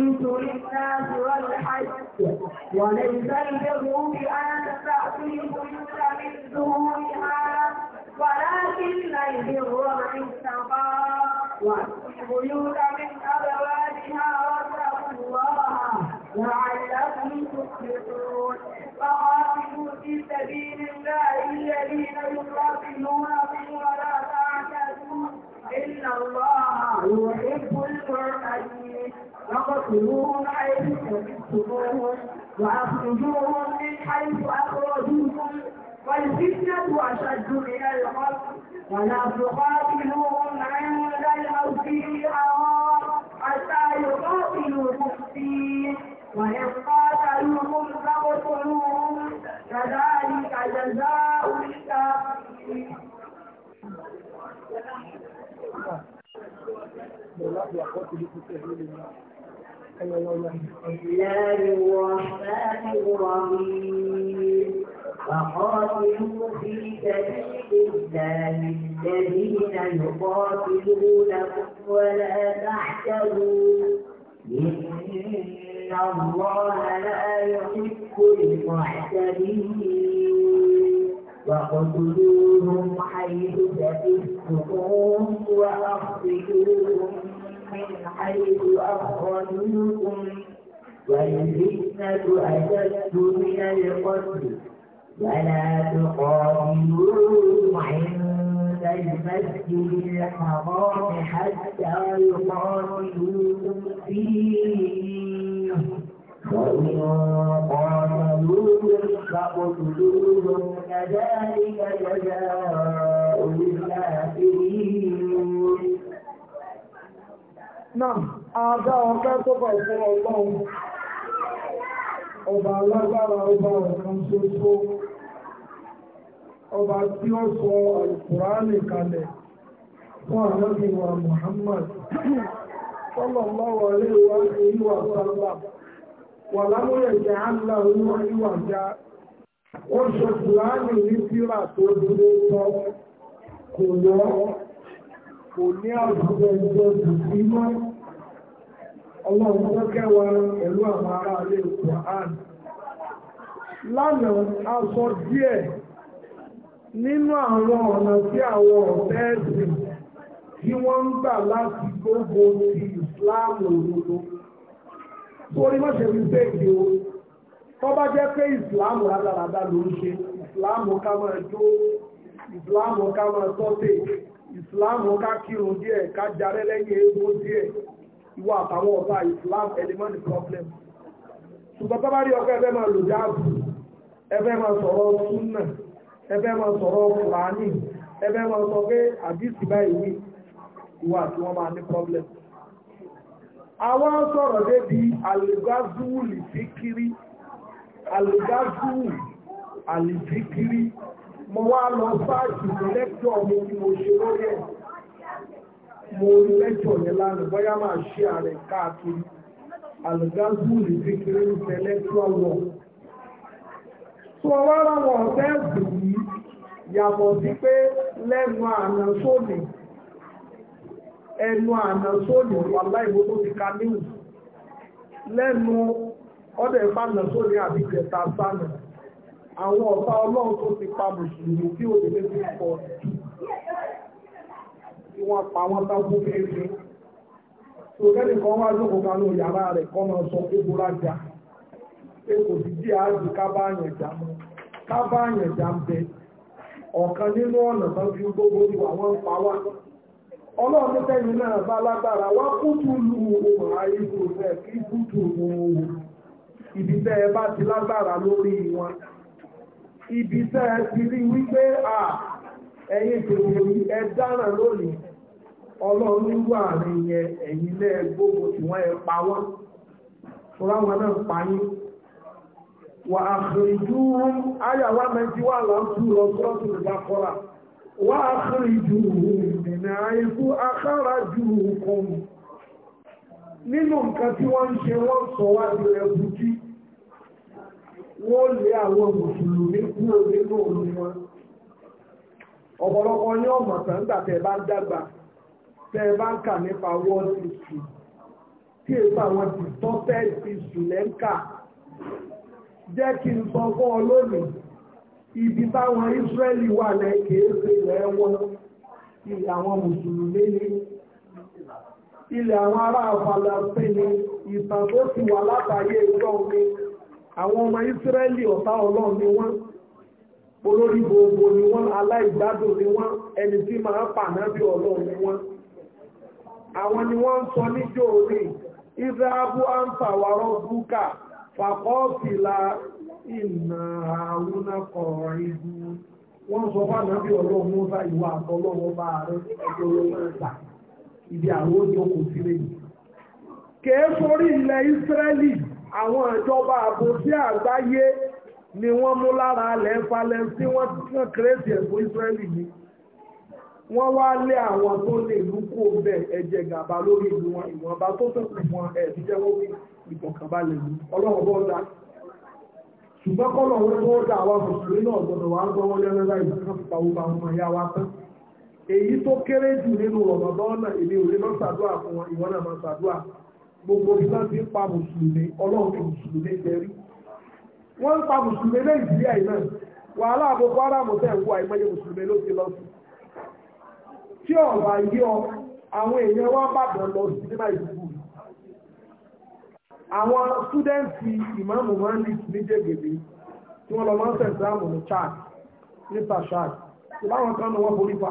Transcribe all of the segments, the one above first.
أمرت للناس والحج وليس البر بأن تأتيكم من دونها ولكن البر من اتقى وأتوا البيوت من أبعد الفتنة أشد من الحق ولا تقاتلوهم عند المسجد الحرام حتى يقاتلوكم فيه وإن قاتلوكم فاقتلوهم كذلك جزاء الكافرين لا يقاتلوا في الله الرحمن الرحيم وقاتلوا في سبيل الله الذين يقاتلونكم ولا تحتلوا إن الله لا يحب المعتدين وقتلوهم حيث تفكتموهم وأخرجوهم من حيث أخرجوكم والفتنة أشد من القتل ولا تقاتلوهم عند المسجد الحرام حتى يقاتلوكم فيه وإن قاتلوهم فاقتلوهم كذلك جزاء الكافرين Náà, àádá ọpẹ́ tó bọ̀ fún ọlọ́run. Ọba alágbára ọba ọ̀kan ṣoṣo. Ọba tí ó sọ Al-Kùránì kalẹ̀ fún ànábì wa Muhammad. Sallallahu alaihi wa alihi wa sallam. Wà lámúyẹ̀ jẹ́ àlá ìwà ìwà já. Ó ṣe Kùránì ní síra tó dúró tọ́. Kò yọ kò ní àwùjọ ẹgbẹ́ òkùnkùn iná ọlọ́run tó kẹwàá pẹ̀lú àwọn ará ilé Qur'an lánàá a sọ díẹ̀ nínú àwọn ọ̀nà tí àwọn ọ̀fẹ́ ẹ̀sìn tí wọ́n ń gbà láti gbogbo ti ìsìláàmù òdodo torí wọ́n ṣe fi o tó bá jẹ́ pé ìsìláàmù ìsìláàmù ká kírun díẹ̀ ká jarẹ́ lẹ́yìn egbò díẹ̀ ìwọ àtàwọn ọ̀tá ìsìláàmù ẹlẹ́mọ́nì problem ṣùgbọ́n tó bá rí ọkọ ẹfẹ́ máa lò jáàbù ẹfẹ́ máa sọ̀rọ̀ súnà ẹfẹ́ máa sọ̀rọ̀ kùránì ẹfẹ́ máa sọ pé àdìsí báyìí ìwọ àti wọn máa ní problem àwọn sọ̀rọ̀ débi àlùgázùwù lìfíkiri àlùgázùwù àlìfíkiri mo wá lọ sáàtì lẹ́kọ̀ọ́ mi tí mo ṣe lórí ẹ̀ mo rí lẹ́kọ̀ọ́ yẹn lánàá bóyá máa ṣe ààrẹ káàkiri àlùgázùlì kékeré ń fẹ́ lẹ́kọ̀ọ́ wọ̀ tó wá láwọn ọ̀fẹ́ ẹ̀sìn yìí yàtọ̀ sí pé lẹ́nu àná sóòlì ẹnu àná sóòlì wà láìwó ti ka níwù lẹ́nu ọdẹ ìfànà sóòlì àbí ìjẹta sánà àwọn ọ̀tá ọlọ́run tó ti pa mùsùlùmí tí ó lè fi pọ̀ tí wọ́n pa wọ́n táwọn fèrè tó kẹ́lì kan wá lóko kan ló yàrá rẹ̀ kọ́ máa sọ pé bó rájà pé kò sí díẹ̀ ájú ká bá yẹn jà mọ́ ká bá yẹn jà ń bẹ ọ̀kan nínú ọ̀nà tó fi gbogbo ìwà wọn pa wá ọlọ́run tẹ́yìn náà bá lágbára wá kútù lu ohun àìsàn rẹ̀ kí kútù ohun ibi tẹ́ ẹ bá ti lágbára lórí wọn ibi tẹ́ ẹ ti rí wípé à ẹ̀yin tòwò ẹ dára lónìí ọlọ́run wà ní yẹn ẹ̀yin lẹ́ gbogbo tí wọ́n ẹ pa wọ́n fúnra wọn náà pa yín wà àkìrìjú ayàwá mẹ́jì wà láńtú lọ sọ́ọ̀tù ìdákọ́ra wà àkìrìjú ìrìnà àìkú akára ju nǹkan nínú nǹkan tí wọ́n ń ṣe wọ́n sọ wá di ẹ̀bùtí wọ́n lé àwọn mùsùlùmí kúrò nínú òun wọn ọ̀pọ̀lọpọ̀ ní ọ̀mọ̀ sàǹdà tẹ́ bá ń dàgbà tẹ́ bá ń kà nípa world history tí èso àwọn ti tọ́tẹ́ ti sùlẹ́ńkà jẹ́ kí n sọ fún ọ lónìí ibi táwọn Ísírẹ́lì wà náà kìí ṣe ilẹ̀ wọn ilẹ̀ àwọn mùsùlùmí ni ilẹ̀ àwọn ará Falasíìnì ìtàn tó ti wà látàyè ìjọ omi àwọn ọmọ Ísírẹ́lì ọ̀tá ọlọ́run ni wọ́n olórí gbogbo ni wọ́n aláìgbádùn ni wọ́n ẹni tí máa pàná bí ọlọ́run ni wọ́n àwọn ni wọ́n ń sọ níjó orí búkà ìnà ibu wọ́n sọ fún ànábì ọlọ́run ìwà àtọlọ́run bá rẹ ibi àwọn oúnjẹ kò kèé àwọn ìjọba àbò sí àgbáyé ni wọ́n mú lára alẹ́ ń falẹ̀ sí wọ́n tán kérésì ẹ̀kọ́ Ísírẹ́lì ni wọ́n wá lé àwọn tó lè lú kó bẹ̀ ẹ̀jẹ̀ gàba lórí ìlú wọn ìwọ̀nba tó tẹ̀kù wọn ẹ̀bí jẹ́ wọ́n fi ìgbọ̀kànbalẹ̀ lù ọlọ́run bọ́ da ṣùgbọ́n kọ́lọ̀ wọn tó dá àwọn mùsùlùmí náà gbọ́dọ̀ wá gbọ́ wọn lẹ́nu láì kan fi pawó pa wọn ya wa tán èyí tó kéré jù nínú ọ̀nà bọ́ọ̀nà èmi ò lè má ṣàdúrà fún wọn ìwọ náà má ṣàdúrà fún gbogbo tí wọ́n ti ń pa mùsùlùmí ọlọ́run tó mùsùlùmí jẹrí wọ́n ń pa mùsùlùmí nàìjíríà yìí náà wàhálà àbòkọ aráàmù tẹ̀ ń wọ àìmọye mùsùlùmí ló ti lọ sí tí ọ̀bà yí ọ àwọn èèyàn wá bàbọ̀ lọ sí sinimá ìdìbò àwọn súdẹ́ǹtì ìmáàmù máa ń lè sí ní jẹ́gẹ̀dẹ̀ tí wọ́n lọ máa ń sẹ̀ sáàmù ní chad ní sàṣàd ìbáwọn kan ní wọ́n borí pa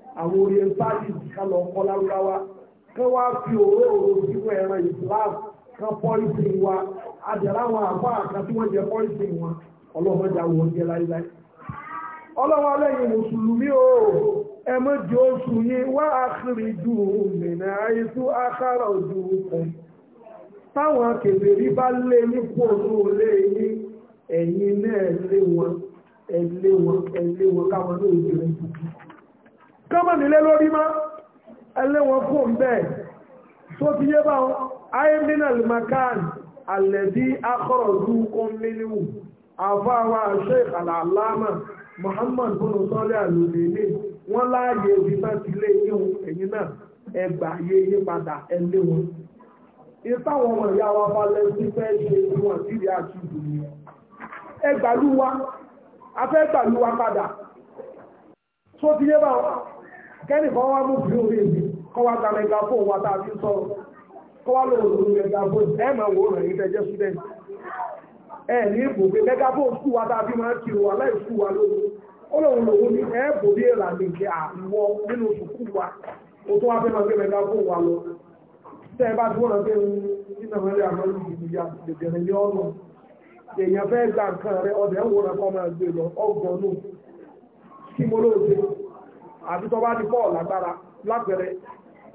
àwọn orientalist ká lọ kọ́ lárúbáwá kán wá fi òró òró sínú ẹran islam kan pọ́lísì wa àjẹ̀rá àwọn àbá kan tí wọ́n jẹ pọ́lísì wọn ọlọ́mọdé àwọn oúnjẹ láíláí ọlọ́wọ́ lẹ́yìn mùsùlùmí o ẹmọ́ jẹ́ oṣù yìí wá àkìrì jù mìnà àìsú àkàrà ojú kan táwọn kèbèrí bá lé ní pòtò lé ní ẹ̀yìn náà lé wọn ẹ̀lé wọn ẹ̀lé wọn káwọn náà jẹ́ kọ́mọ̀ nílé lórí má ẹlẹ́wọ̀n fún bẹ́ẹ̀ tó ti yé bá wọn ayémínà lùmọ̀kán alẹ́bí akọ̀rọ̀dú kọ́mínú àfáwà sheikh alàlámà muhammad bọ́lá sọ́lẹ̀ àlùmíní wọ́n láàyè ibi náà ti lé yíhun ẹ̀yìn náà ẹgbà yé yí padà ẹlẹ́wọ̀n ìfáwọn ọmọ ìyá wa balẹ̀ sí fẹ́ ṣe tí wọ́n ti rí àtúntò ẹgbàlúwa kẹ́nì ka wá mú bí orí èmi kọ́ wá gba mẹgàfóònù wa tá a fi sọ̀rọ̀ kọ́ wá wò rẹ̀ student ní ìbò pé a fi máa kiri wa láì skul wa lóru ó lòun lòun ní bò bí èrà nínú wa ó wá fẹ́ máa gbé wa lọ ẹ bá pé nínú ní ọ̀nà èèyàn fẹ́ gba nǹkan rẹ ń kọ́ máa gbé lọ ọgbọ̀n kí àbí tó bá ní bọ́ọ̀lù agbára lápẹẹrẹ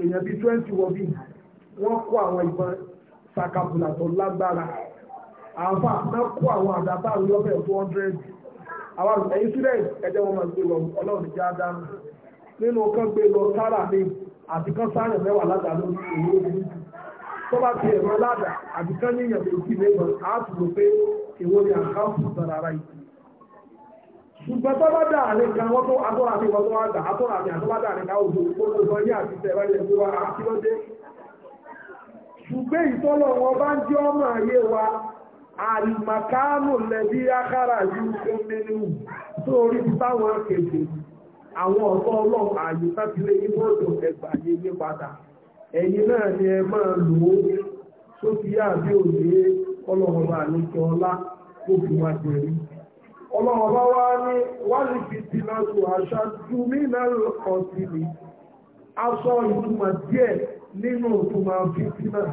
èèyàn bíi twenty wọ́n kó àwọn ìbọn sakabula tó lágbára àǹfà náà kó àwọn àdàbà lọ́bẹ̀ 200 àwọn ẹ̀yìn student ẹ̀jẹ̀ wọn máa gbé lọ ọlọ́run nínú kan gbé lọ sára ní àti kan mẹ́wàá ládàá lórí òwò tó bá ẹ̀rọ ládàá àti kan ara ṣùgbọ́n tó bá dà ní kan wọ́n tó atọ́ra àti ìwọ́n tó wá dà atọ́ra àti àtọ́bá dà ní ká òjò gbogbo sọ ní àti tẹ̀rọ ilẹ̀ tó wá àti lọ́dé ṣùgbọ́n ìtọ́lọ̀ wọn bá ń jẹ́ ọmọ ayé wa àlìmàkánù lẹ́bí ákàrà yìí tó mẹ́nu tó orí ti táwọn kèfè àwọn ọ̀tọ́ ọlọ́run àyè sátìlé ìbòdò ẹgbà yé ní padà ẹ̀yìn náà ni ẹ máa lò ọlọ́run bá wá ní wálé fìtì náà àṣà ju nínà lọ́kàn sí mi aṣọ ìtumọ̀ díẹ̀ nínú ìtumọ̀ fìtì náà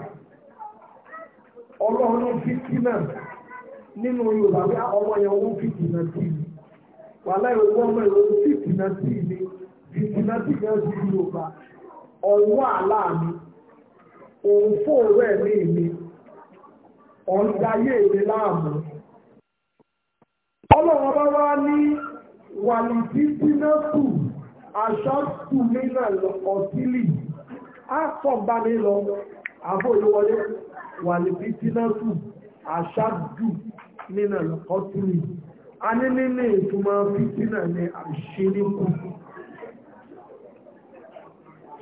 ọlọ́run fìtì náà nínú yorùbá bí ọmọ yẹn wọ́n fìtì náà sí wà láì owó ọmọ ìlú fìtì náà sí ọdún yorùbá ọwọ́ àlá mi ọlọ́run bá wá ní wàlìdídínàtù aṣọ́tùmínà ọ̀tílì àkọ̀bánilọ àbòyíwọlé wàlìdídínàtù aṣáàdùmínà ọ̀tílì a ní nínú ìtumọ̀ fítínà ní àṣíríkù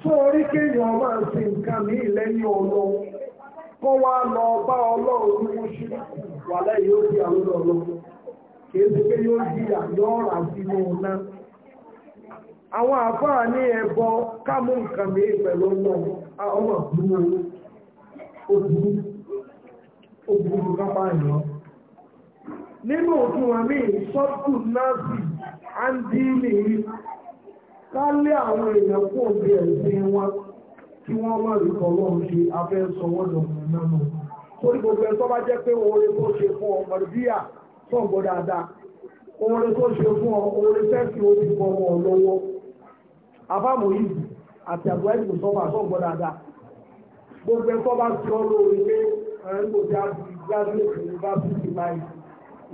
tó orí kéèyàn máa ṣe nǹkan ní ìlẹ́yìn ọlọ́run kọ́ wá lọ bá ọlọ́run mú ṣíríkù wà lẹ́yìn ó di àwọn ọlọ́run kìí ṣe pé yóò jìyà yóò rà sínú náà àwọn àfáà ní ẹbọ kámú nǹkan mìí pẹ̀lú ọmọ ọmọ ìgbìmọ̀ obìnrin obìnrin kápá ìlọ nínú òfin wọn mí sọ́tù náàzì andíìlì ká lé àwọn èèyàn kó bí ẹ̀sìn wọn kí wọ́n má rí tọ́lọ́run ṣe afẹ́ sọ wọ́n lọ́mọ náà torí gbogbo ẹ̀ tó bá jẹ́ pé oore tó ṣe fún ọmọdébíà tó ń gbọ́ dáadáa oore tó ṣe fún ọ oore fẹ́ẹ̀sì ó ti fọ ọmọ lọ́wọ́ abámu yìí àti àbúrò ẹ̀sìn sọ́wọ́ àtọ́ ń gbọ́ dáadáa gbogbo ẹ̀kọ́ bá ti ọ lóore pé ẹ̀ńgbòdì àti graduate university life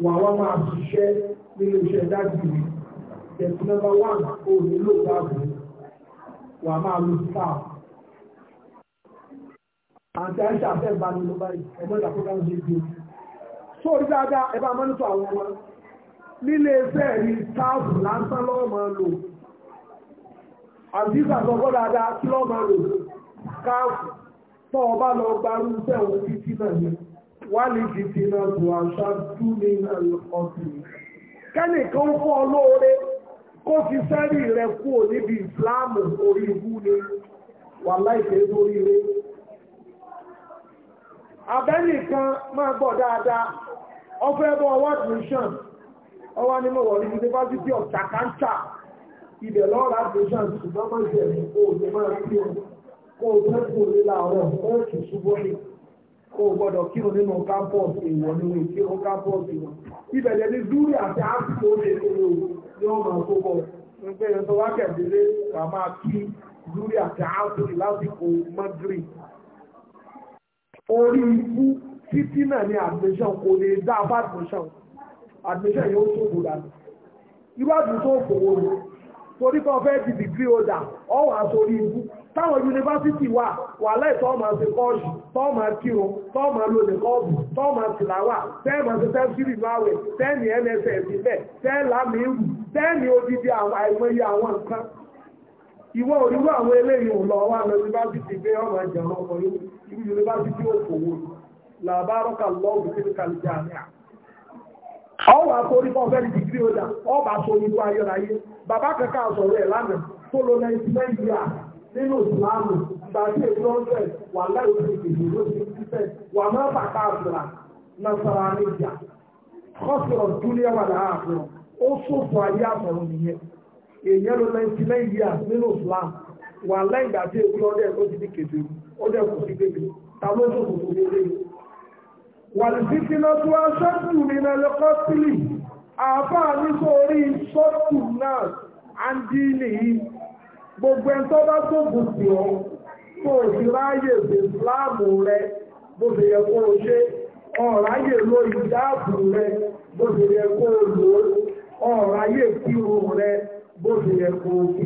wà wá máa ṣiṣẹ́ nínú iṣẹ́ dágbìrì tẹ̀sí nọ́mbà wán ò nílò dáàbò wà máa lu sáà àti àìsàn àfẹ́ ìbánilọ́bá ẹ̀mọ́ ìdàkọ́dá ń ṣe gbòòrò tó orí dáadáa ẹ bá mọ́nítọ̀ àwọn ọmọ nílé iṣẹ́ rí táàbù lásán lọ́wọ́ máa lò àbíkà sọ́kọ́ dáadáa kí lọ́wọ́ máa lò káàfù tó o bá lọ gbarú iṣẹ́ òun títí náà ni wà ní títí náà tó àṣà tún ní ọ̀sìn kẹ́nìkan fún ọ lóore kó fi sẹ́rí rẹ̀ kúrò níbi ìsìláàmù orí ibú ni wà láìpẹ́ lórí rẹ̀ abẹ́nìkan máa gbọ́ dáadáa ọfẹ́ bọ́ ọwọ́ mission? ọwọ́ ni mo wọ̀ ní University of Takanta ibẹ̀ lọ́ọ̀rọ̀ admission ṣùgbọ́n máa jẹ́ kó o lè máa kí o kó o fẹ́ kó o lè láàárọ̀ ó kì í ṣubú ní kó o gbọ́dọ̀ kí o nínú campus èèwọ̀ ni o kí o campus èèwọ̀ ibẹ̀ lẹ́ ní dúró àti áàpù ó lè lè o ní ọmọ àkókò nígbẹ̀rẹ̀ tó wákẹ̀ délé wà máa kí dúró àti áàpù lásìkò mọ́gírì orí ikú títí náà ní admission kò lè dá bá admission admission yóò ṣòfò dànù irú àdúgbò òkòwò ni torí kan fẹ́ di degree holder ọwọ́ àsorí ibú táwọn yunifásitì wà wà láì tọ́ọ̀mù àti kọ́ọ̀ṣì tọ́ọ̀mù akírun tọ́ọ̀mù alóde kọ́ọ̀bù tọ́ọ̀mù àtìláwà tẹ́ẹ̀mù àti tẹ́ẹ̀sìrì láwẹ̀ tẹ́ẹ̀mì nss ilẹ̀ tẹ́ẹ̀lámì ìrù tẹ́ẹ̀mì odidi àìmọye àwọn nǹkan ìwọ òrìwọ àwọn eléyìí ò lọ wà lọ yunifásitì pé ọmọ ìjọba ọkọ yìí irú yunifásitì òkòwò làbárọ́kà lọ́wọ́ sí kàlùjá ní ọ ọwọ́ àtòrí fún ọ̀fẹ́ dìgírí ọjà ọba aṣojú ayọ́láyé bàbá kankan àsọ̀rọ̀ ẹ̀ lánàá tó lọ ninety nínú ìsìlámù ìgbà tí èyí ọ̀sẹ̀ wà láì sí ìdìbò ló ti ń fẹ́ wà má bàtà níjà wà ó sòfò ayé nìyẹn èèyàn lọ wà láì gbà tí èkú lọ́dẹ̀ tó ti di kèdè ọdẹ kò sí bèbè ta ló tó kòkò bèbè wà lè fi kíná tó wá ṣọ́tù nínú ẹlẹ́kọ́ sílì àbá nítorí ṣọ́tù náà àǹdí nìyí gbogbo ẹni tó bá tó gùnkù ọ tó o sì ráyè ìsìláàmù rẹ bó ṣe yẹ kó o ṣe ọ̀ráyè ló ìdáàbò rẹ bó ṣe yẹ kó o lò ó ọ̀ráyè kírun rẹ bó ṣe yẹ kó o kí.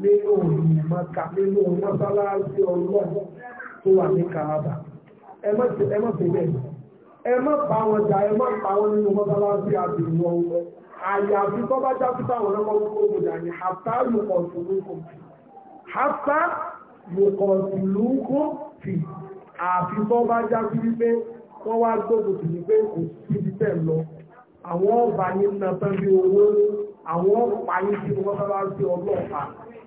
nínú ìmọ̀ka nínú mọ́sálásí ọlọ́run tó wà ní kàábà ẹ má bẹ́ẹ̀ ẹ má pa wọn jà ẹ pa wọn nínú mọ́sálásí ọwọ́ àyàfi tó bá já ní àfi tó bá já sí wípé wọ́n wá kò síbi tẹ̀ lọ àwọn ọba yìí bí owó àwọn yìí tí wọ́n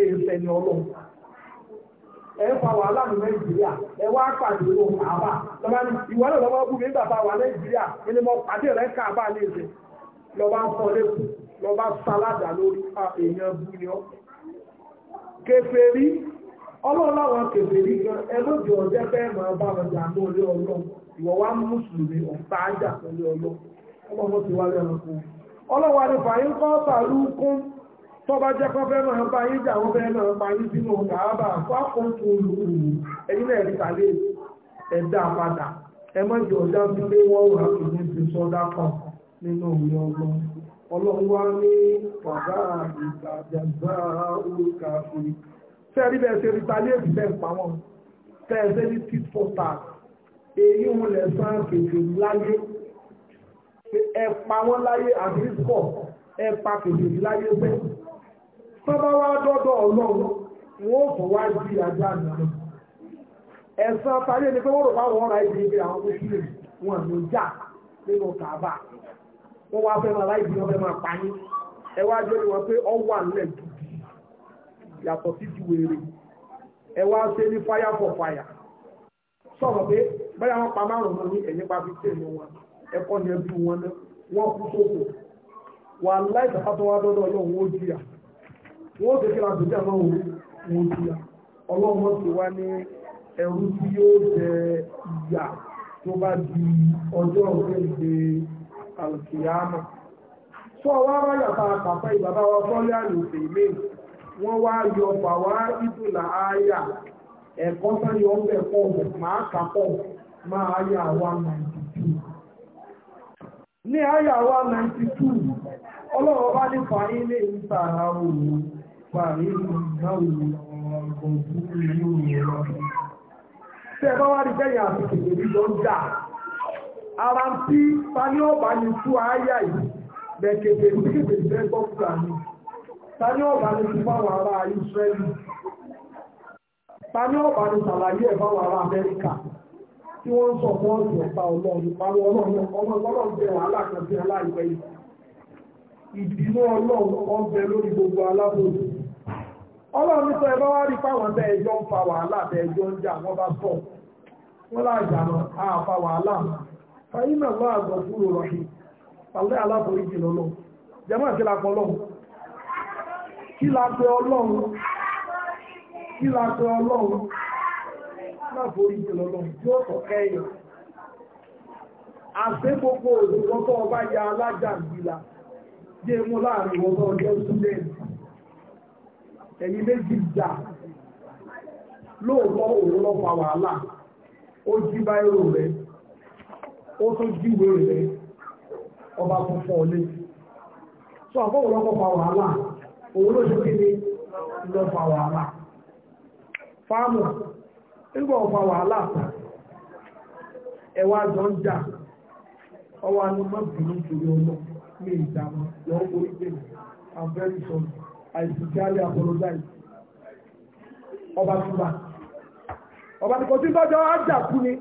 èèfẹ́ ọlọ́run ẹ fa wàhálà ní nàìjíríà ẹ wá pàdé ló kàábà lọ́ba ní ìwọ náà lọ́ba nígbà bá wà nàìjíríà mi ni pàdé rẹ̀ kàábà ní èdè lọ́ba ń lọ́ba sáládà lórí èèyàn bú ni ọjẹ́ fẹ́ máa bá wọn jà ní ọlọ́run wá mùsùlùmí tó bá jẹ́ kọ́fẹ́ máa bá yí jà wọ́n fẹ́ máa bá yí sínú kàábà fákòókò olùkùnrin ẹ̀yìn náà rí tàlé ẹ̀dá padà ẹ má jẹ́ ọjà sí pé wọ́n wà ní ti sọ́dá kan nínú òye ọgbọ́n ọlọ́run wá ní bàbá ìgbàjàgbà olùkà fún fẹ́rí bẹ́ẹ̀ ṣe rí tàlé ìbílẹ̀ pamọ́ fẹ́ẹ̀ṣẹ́ ní tit for tat èyí ń lẹ̀ sán kèké láyé ẹ pa wọ́n láyé àbírísọ̀ láyé bẹ́ẹ̀ tọ́ba wá ọlọ́run wọn ò fọwọ́ àjí ajá nìkan ẹ̀sán parí ẹni pé wọ́n rò àwọn wọn nínú wá fẹ́ máa láìpẹ́ wọn fẹ́ máa pa ẹ wá ni wọn pé ọ wà nílẹ̀ dùdú yàtọ̀ sí ti wèrè ẹ wá ṣe ní fire for fire sọ̀rọ̀ pé báyà wọn pa márùn-ún ní ẹ̀yìn pa wọn ẹ̀kọ́ wọn náà kú sóko wà wọ́n tẹ́ kíra ma jẹ́mọ́ wọn ti ya si ti wá ní ẹ̀rù tí yóò jẹ ìyà tó bá di ọjọ́ òṣèlú alkiyama tó wá ráyà tá a ìbàbá wa sọ́lé àlòfè mí wọ́n wá yọ bàwá àyà ẹ̀kọ́ pọ̀ máa kàpọ̀ máa àyà wa ní àyà wa 92 bá ní lè ń òun Tẹ́ bá wá rí bẹ́yìn àti kèkèrè lọ ń dà. Ara ń tí ta ní ọ̀bá ní tú àáyà yìí, bẹ̀kẹ̀kẹ̀ ní kèkèrè fẹ́ gbọ́ fúra ní. Ta ní ọ̀bá ní tú fáwọn ará Ísírẹ́lì. Ta ní ọ̀bá ní sàlàyé ẹ̀ fáwọn ará Amẹ́ríkà tí wọ́n ń sọ fún ọ̀sẹ̀ ọ̀pá ọlọ́run sọ ẹ wá rí fáwọn bẹ́ẹ̀ ẹjọ́ ń fa wàhálà bẹ́ẹ̀ ẹjọ́ ń jà wọ́n bá tọ̀ wọ́n láàjà àfa wàhálà fàyínà lọ àgọ́ fúru pàlẹ́ aláforíjì lọ́lọ́ la ọlọ́run kí la ọlọ́run lọ́lọ́run tí ó tọ̀ kẹ́yìn àṣẹ gbogbo òṣùwọ́n ọba ya alájà mú láàrin ẹ̀yin méjì jà lóòótọ́ òun lọ fa wàhálà ó jí báyìí rẹ̀ ó rẹ̀ ọba funfun ọ̀lẹ́ tó àbọ̀wò lọ́kọ̀ fa wàhálà òun ló ṣe kéde lọ fa wàhálà fáàmù nígbà ọ̀fà wàhálà ẹwà jọ ń jà ọwọ́ anú mọ́ bínú torí mi lọ́wọ́ orí bẹ́ẹ̀ I'm àìsìkárí apologize ọba túbà ọba tí kò tí lọ́jọ́ ajáfún ni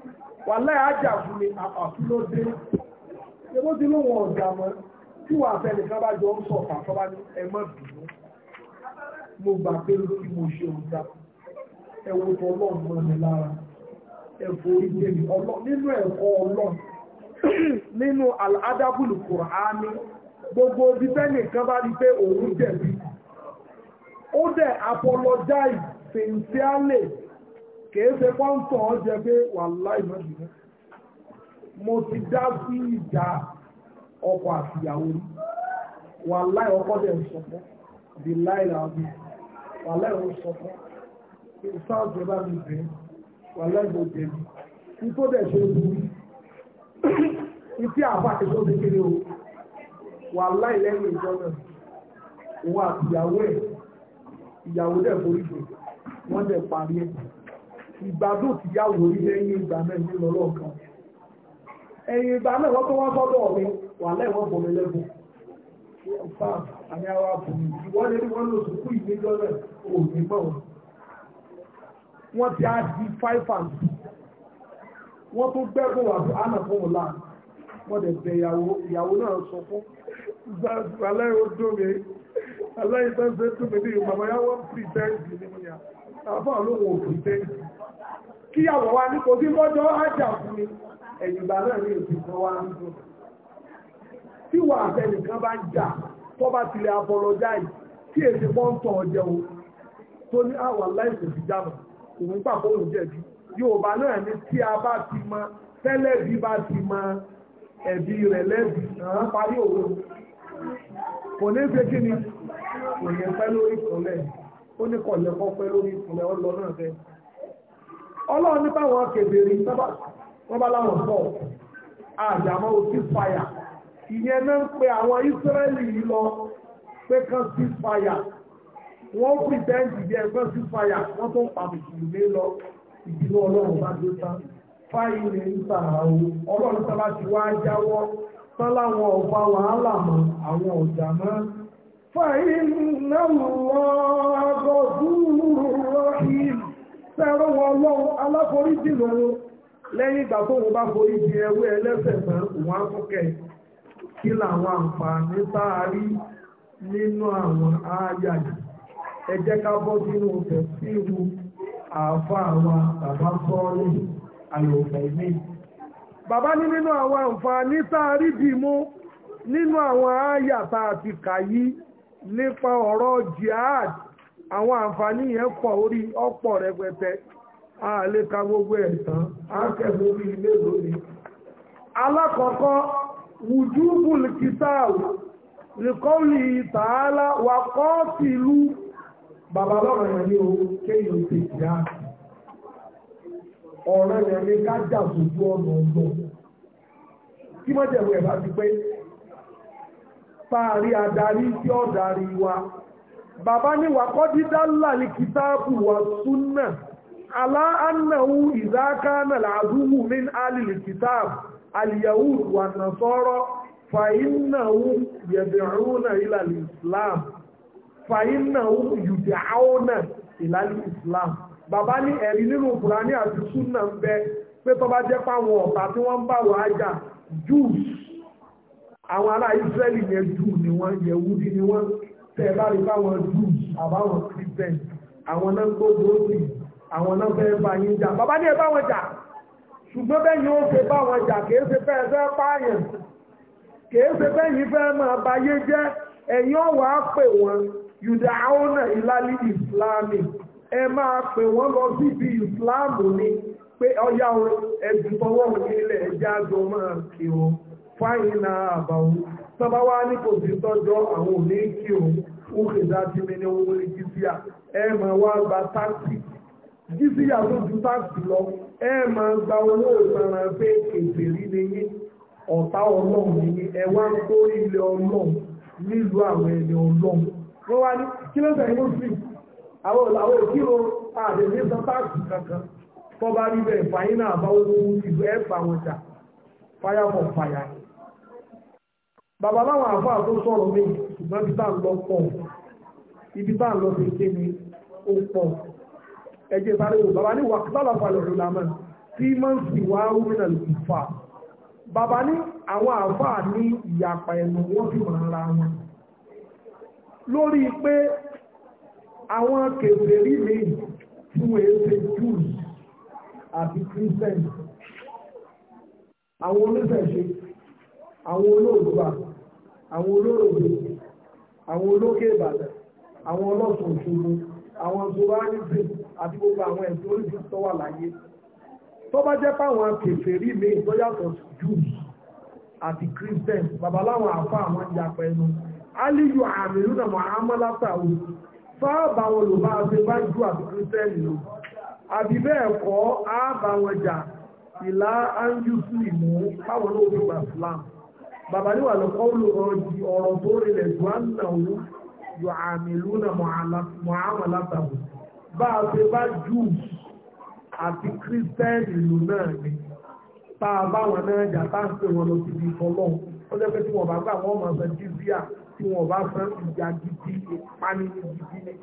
wà láì ajáfún ni àpàfún ló dé ebó tí ló wọ̀n ọ̀dà mọ́ tí wà fẹ́ nìkan bá jọ ń sọ pàtọ́bá ní ẹmọ́ bìnú mo gbà pé lórí mo ṣe ọ̀dà ẹwọ́ tó ọlọ́run mọ́ mi lára ẹ̀fọ́ ìdè mi nínú ẹ̀kọ́ ọlọ́run nínú adábùlù kùránì gbogbo ibi tẹ́nìkan bá rí pé òun jẹ̀bi Ụdị dẹ̀ apologize sincerely kìí ṣe pọ́ńtọ̀ ọ̀jẹ̀ pé wàláì má mo ti dá sí ìjà ọkọ àti ìyàwó rí wàláì ọkọ dẹ̀ nsọpọ, sọ fún the lie la nsọpọ, wàláì ó sọ fún mi bẹ̀ wàláì mo jẹ̀bi nítorí dẹ̀ ṣe wù mí ìtí àbá àtẹ̀sọ́ kékeré o lẹ́yìn òun àti ìyàwó ẹ̀. ìyàwó dẹ̀ borí bò wọ́n dẹ̀ parí ẹ̀ ìgbádùn tìyàwó rí lẹ́yìn ìgbà náà ní lọ́lọ́ kan ẹ̀yìn ìgbà náà wọ́n tó wọ́n sọ́dọ̀ mi wà lẹ́wọ̀n bọ̀ mi lẹ́bùn ọ̀pá àmì àwọn àbùnú ìwọ́n lè rí wọ́n lò sùkú ìgbé lọ́rẹ̀ òní mọ̀ wọn. wọ́n ti á di five and two wọ́n tó gbẹ́gùn wà fún ànà fún wọn láàrín mọ́dẹ̀ bẹ ìyàwó ìyàwó náà sọ fún aláìwò dómi aláìsẹ́sẹ́ dómi ní ìgbàmọ́ yá wọ́n pìtẹ́ǹtì ní múnyà àbá olóhùn ò pìtẹ́ǹtì kí àwọ̀ wa ní kò sí mọ́jọ́ ájà fún mi ẹ̀yìn ìgbà náà ní èsì kan wá ń dùn tí wà àtẹnìkan bá ń jà tó bá tilẹ̀ abọ́lọ́jà yìí tí èsì pọ́ńtọ̀ ọ̀jẹun tó ní àwọ̀ aláìsẹ̀ ti jábọ̀ òun pàpọ̀ òun jẹ̀bi Yorùbá náà ní tí a bá ti mọ tẹ́lẹ̀ bí bá ti mọ ebi rẹ̀ lẹ́bí àwọn parí òwe kò ní ṣe kí ni kò ní pẹ́ lórí ó ní kọ̀ kọ́ pẹ́ lórí ìkúnlẹ̀ ọlọ náà fẹ́ ọlọ́run ní báwọn kèbèrè wọ́n láwọn àjàmọ́ òsì fàyà ìyẹn náà ń pe àwọn yìí lọ pé kan sí fàyà wọ́n bí ẹgbẹ́ sí fàyà wọ́n tó pa lọ ìdílé ọlọ́run bá dé fáìlì ìta àwọn ọlọ́run sábà ti wá jáwọ́ sáláwọn ọba wàhálà mọ́ àwọn ọ̀jà mọ́. fàìlìnà lọ́gọ́ dúró rọ́ọ̀kì sẹ́rọ̀ wọn ọlọ́run aláforíjì lẹ́yìn ìgbà tó wọn bá ẹwé ẹlẹ́sẹ̀ mọ́ òun kí làwọn àǹfààní àlòfẹ̀mí bàbá ní nínú àwọn àǹfààní sáàrí bí mú nínú àwọn àyàtà àti kàyí nípa ọ̀rọ̀ jihad àwọn àǹfààní yẹn pọ̀ orí ọ̀pọ̀ rẹpẹtẹ àlékà gbogbo ẹ̀tàn a orí ilé lónìí alákọ̀ọ́kọ́ kìtààwù bàbá lọ́rọ̀ o ọ̀rẹ́ rẹ̀ ní kájà sójú ọ̀nà ọ̀gbọ̀n kí mọ́jẹ̀mú ẹ̀ bá ti pé parí adarí tí ó darí wa bàbá ní wàkọ́dídá láàrin kìtàbù wa súnà aláàánàwó ìzákánà làdúwù min alìlì kìtàbù alìyàwó wà nà sọ́rọ́ fàínàwó yẹ̀dẹ̀rúnà ìlàlì ìlàlì islam bàbá ní ẹ̀rí nínú Kùránì àti súnà ń bẹ pé tó bá jẹ́ páwọn ọ̀tá tí wọ́n ń bá wọ́n ájà Jews àwọn ará Israẹli yẹn jù ni wọ́n yẹ̀wúdí ni wọ́n tẹ̀ bá rí báwọn Jews àbáwọn Christian àwọn náà gbogbo òsì àwọn náà fẹ́ bá yín jà bàbá ní ẹ bá wọn jà ṣùgbọ́n bẹ́yìn ó ṣe bá wọn jà kìí ṣe fẹ́ pààyàn kìí ṣe bẹ́yìn fẹ́ máa bayé jẹ́ ẹ̀yin ọ̀wà pè wọn yùdà áwọn ìlàlí ìsìlámì ẹ máa pè wọ́n lọ síbi ìsìláàmù ni pé ọyá ẹ̀dùn tọwọ́ nílẹ̀ ẹ̀já jọ máa kí wọn fáyínà àbàwọ̀ tọba wá ní kò sí tọ́jọ́ àwọn òní kí òun ó lè dájú mi ní owó orí jíṣíà ẹ máa wá gba táàkì jíṣíà tó ju táàkì lọ ẹ máa gba owó ìsanràn pé èbèrè ni yín ọ̀tá ọlọ́run ni ẹ wá ń kó ilé ọlọ́run nílùú àwọn ẹni ọlọ́run wọ́n wá ní kí ló sẹ́yìn muslim àwọn òlàwọ̀ òkírò àdèmí sọ́tàkì kankan tó bá rí bẹ́ẹ̀ fàyín náà bá owó ti bẹ́ẹ̀ fà wọn jà fáyà fọ̀ fàyà. bàbá láwọn àfáà tó sọ̀rọ̀ mi ṣùgbọ́n ibi tá à ń lọ pọ̀ ibi tá à ń lọ sí ké ni ó pọ̀ ẹjẹ́ sáré wò bàbá ní wàkútàlà falẹ̀ òlà mọ́ tí máa ń sì wá rúmìnà lè fà bàbá ní àwọn àfáà ní ìyàpá ẹnu wọ́n sì máa ń ra wọn lórí pé àwọn kèfèrí mi tí wọ́n ṣe Jews àti Christians àwọn oníṣẹ̀ṣe àwọn olóògbà àwọn olórògbè àwọn olókè Ìbàdàn àwọn ọlọ́sùn òṣogbo àwọn zobanisi àti gbogbo àwọn ẹ̀sìn oríṣi tó wà láyé tó bá jẹ́ páwọn kèfèrí mi tó yàtọ̀ Jews àti Christians babaláwọn àfa àwọn ìyàpẹ̀ ẹnu aliyu àmì lúnà mọ̀ àmọ́látà òṣogbo sáàbà wọn lò bá ṣe bá jù àti kírísẹ́nì lò àbí bẹ́ẹ̀ kọ́ àbá wọn jà ìlà áńjúsù ìmú báwọn náà fi bàbá níwà lọ́kọ́ ló ọ̀rọ̀ tó rinlẹ̀ jù á nà ó yọ a ṣe bá jù àti kírísẹ́nì lò náà ni tá a bá a ń pè wọn lọ síbi ìfọlọ́ ó jẹ́ pé tí wọ́n tí wọ́n bá fẹ́ ìjà gidi ìpani gidi ni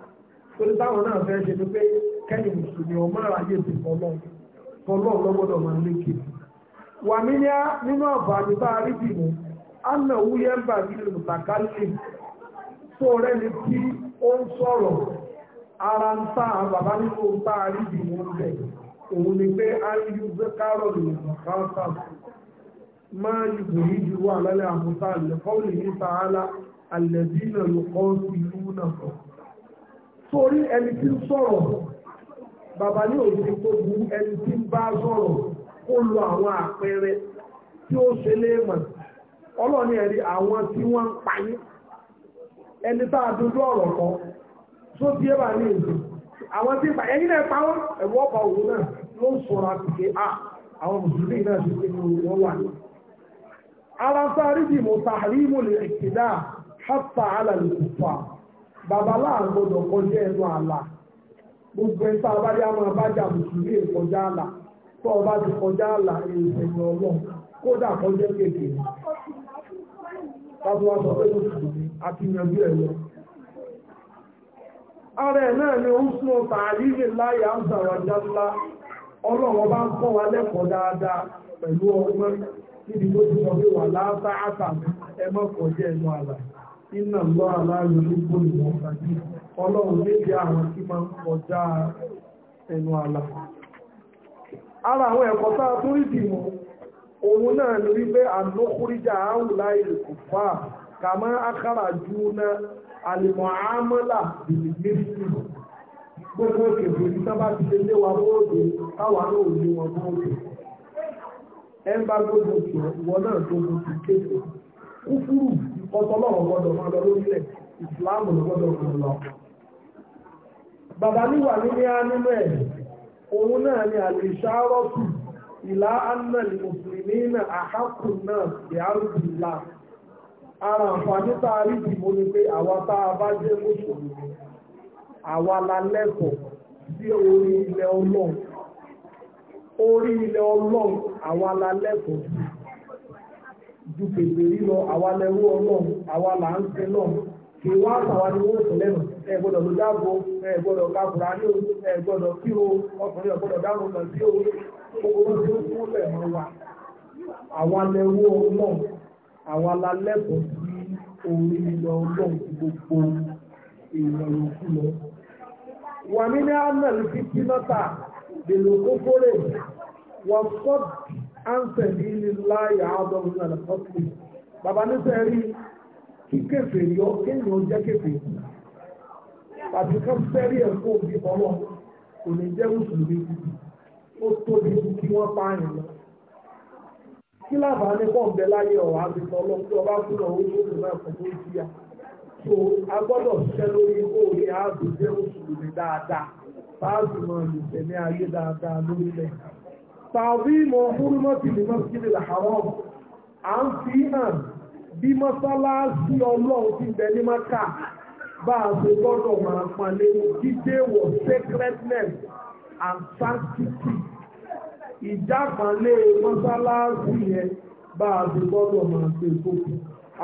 torí táwọn náà fẹ́ ṣe ni pé kẹ́yìn mùsùlùmí ọmọ àyè ti fọlọ́ fọlọ́ lọ́gbọ́dọ̀ máa lékè wà mí ní nínú àǹfààní bá a rí dìbò anna wúyẹ́ ń bà ní olùtàkálẹ̀ tó rẹ́ ni tí ó ń sọ̀rọ̀ ara ń tà bàbá nínú bá a rí dìbò ń bẹ̀ òun ni pé ayélujú gbé kárọ̀ lè kàn sáà máa yìí kò yí ju wà lálẹ́ àmúta lẹ́kọ́ lè ní sàálà àlẹ́bí náà ló kọ́ sí ìlú náà torí ẹni tí ń sọ̀rọ̀ bàbá ní òfin tó bu ẹni tí ń bá sọ̀rọ̀ kó lo àwọn àpẹẹrẹ tí ó ṣe léèmọ̀ ọlọ́ọ̀ni ẹ̀rí àwọn tí wọ́n ń payé ẹni tá àwọn mùsùlùmí náà ti pé wọ́n wà ní. ara sáré dìbò tààrí ìmọ̀lẹ̀ ìkìdá hátà alàlùkùfà bàbá láàgbọ́dọ̀ kọjá ẹnu ala gbogbo ẹ̀ tá máa bá mùsùlùmí ìkọjá àlà tó ọba ti kọjá ọlọ́run kódà kọjá keke tábí wọ́n sọ pé mùsùlùmí àti ara náà ni ọ̀tà láyé ọlọ́run ọba ń kọ́ wa lẹ́kọ̀ọ́ dáadáa pẹ̀lú ọgbọ́n níbi tó ti sọ pé wà ẹ iná lọ aláàrẹ olóko ìwọ̀n tàbí ọlọ́run léde àwọn tí máa ń kọjá ẹnu àlà ara àwọn ẹ̀kọ́ tá a tó ìdìmọ̀ òun náà ni wípé àlókúríjà áwùlá ìrìkù fà kàmá ákàrà jù ná àlìmọ̀ àmọ́là gbogbo ti lé wa bóòdù táwa náà ò wọn bóòdù ọtọlọ́run gbọ́dọ̀ máa lọ lórílẹ̀ ìsìláàmù ló gbọ́dọ̀ máa lọ. bàbá níwà nílé á nínú ẹ̀ òun náà ni àlè ṣáárọ́tù ìlà annal mùsùlùmí náà àhákùn náà di àrùbìlà ara àǹfààní tá a rí ìdìbò ni pé àwa tá a bá jẹ́ mùsùlùmí àwa la lẹ́kọ̀ọ́ sí orí ilẹ̀ ọlọ́run orí ilẹ̀ ọlọ́run àwa la lẹ́kọ̀ọ́ sí ju pèpè lílọ àwa lẹ́wọ́ ọlọ́run àwa là ń sin lọ́run kì í wá àtàwa ni wọ́n sọ lẹ́nu ẹ gbọ́dọ̀ ló dáàbò ẹ gbọ́dọ̀ kakùrà ní o ẹ gbọ́dọ̀ kí o ọkùnrin ọ̀gbọ́dọ̀ dáàbò kan sí o gbogbo tí ó kún lẹ̀ mọ́ wa àwa lẹ́wọ́ ọlọ́run àwa la lẹ́bùn sí orí lílọ ọlọ́run gbogbo èèyàn yòókù lọ. wà ní ní anel fífi nọ́tà dèlò kókórè wọ́n sọ́ọ̀tì ansẹ̀ ní ilé láyà àádọ́rùn náà lọ́sọ̀tì bàbá nífẹ̀ẹ́ rí kí kẹfẹ́ yọ kéèyàn jẹ́ kẹfẹ́ tàbí kẹfẹ́rí ẹ̀ fún òbí ọlọ́ kò ní jẹ́ mùsùlùmí ó tóbi kí wọ́n pààyàn lọ. kí lábà ní pọ̀ǹbẹ láyé ọ̀rọ̀ àbíkọ́ ọlọ́pẹ́ ọba fúnra owó tó kù náà fún tó jíyà so a gbọ́dọ̀ ṣiṣẹ́ lórí òye ààbò jẹ́ mùsùlùmí dáadáa báàbù máa lè tẹ̀lé ayé dáadáa lórílẹ̀ yìí tàbí mọ̀ húrúmọ́tì ní mọ́sílì haram à ń fi hàn bí mọ́sálásí ọlọ́run ti bẹ ní maka bá a ṣe gbọ́dọ̀ máa palẹ̀ jíde wọ sacredness and sanctity ìjápalẹ̀ mọ́sálásí yẹn bá a ṣe gbọ́dọ̀ máa ṣe gbòkè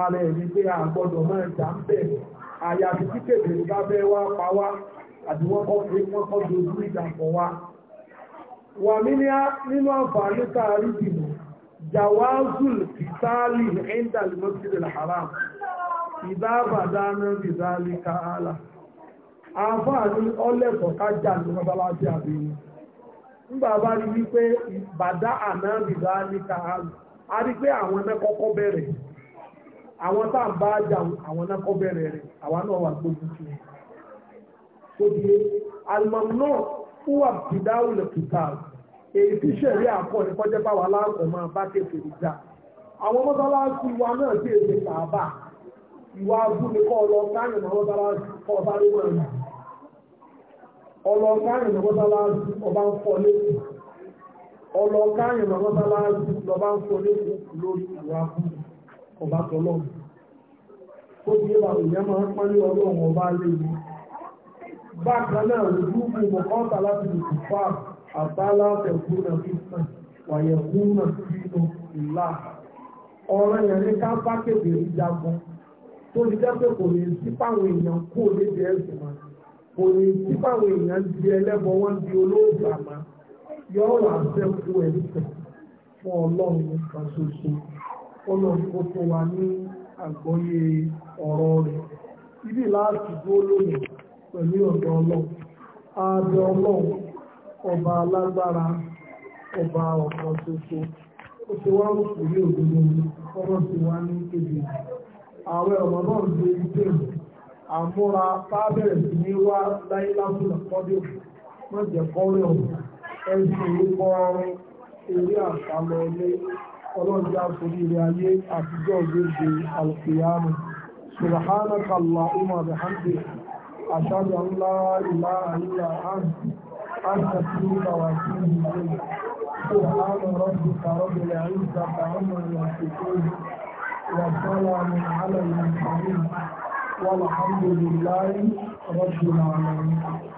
ara ẹni pé a gbọ́dọ̀ máa jà ń bẹ̀ àyàfi kíkèké bá bẹ́ wá pa wá àti wọ́n kọ́ pé wọ́n kọ́ dojú ìjà pọ̀ wá. wà nínú àǹfààní tààrí dìbò jawazul fitali inda al-masjid al-haram ìdábàdánà ìdálí káàlà àǹfààní ọlẹ́kọ̀ọ́ kájà ní mọ́sálásí àbíyí ńgbà bá rí wípé bàdá àná ìdálí káàlà a rí pé àwọn náà èyí tí ṣẹ̀rí àkọ́ ní kọjá bá wà láàkọ̀ máa bá kéfè ìjà àwọn mọ́sálásí wa náà sì èdè kàábà ìwà abúlé kọ́ ọlọ káyìn náà mọ́sálásí kọ́ ọba ló wọ̀ ẹ̀yìn ọlọ káyìn náà mọ́sálásí ọba ń fọ lẹ́kù ọlọ káyìn náà mọ́sálásí lọba ń fọ lẹ́kù lórí ìwà abúlé ọba tọlọ́mù àtàlà tẹ̀kúnà fífà wàyẹ̀kúnà sínú ìlà ọ̀rọ̀ yẹn ní ká bá kéde ìjagun tó ní jẹ́ pé kò ní sí fáwọn èèyàn kú léde ẹ̀sìn mọ́ kò ní sí fáwọn èèyàn di ẹlẹ́bọ wọn di olóògbà mọ́ yọ wà sẹ́kù ẹ̀sìn fún ọlọ́run nìkan ṣoṣo ọlọ́run kò fún wa ní àgbọ́yé ọ̀rọ̀ rẹ̀ ibi láti dúró lónìí pẹ̀lú ọ̀dọ̀ ọlọ́run ààbẹ̀ ọlọ́run ọba alágbára ọba ọ̀pọ̀ ṣoṣo ó ti wá òkú ní òdodo ọmọ ti wá ní kébì ààrẹ ọmọ náà ń gbé ibi tèmi àmúra tábẹ̀rẹ̀ sí ní wá láyé lásìkò kọ́dé wọ́n jẹ́ kọ́rẹ́ ọ̀hún ẹ̀sìn orúkọ ọrùn eré àkàlọ̀ ilé ọlọ́jà torí ilé ayé àtijọ́ gbèsè alùpùpù subhanaka allahumma bihamdika ashhadu an la ilaha illa anta أن تسلوك واتيه إليه سبحان ربك رب العزة عما يصفون وسلام على المرسلين والحمد لله رب العالمين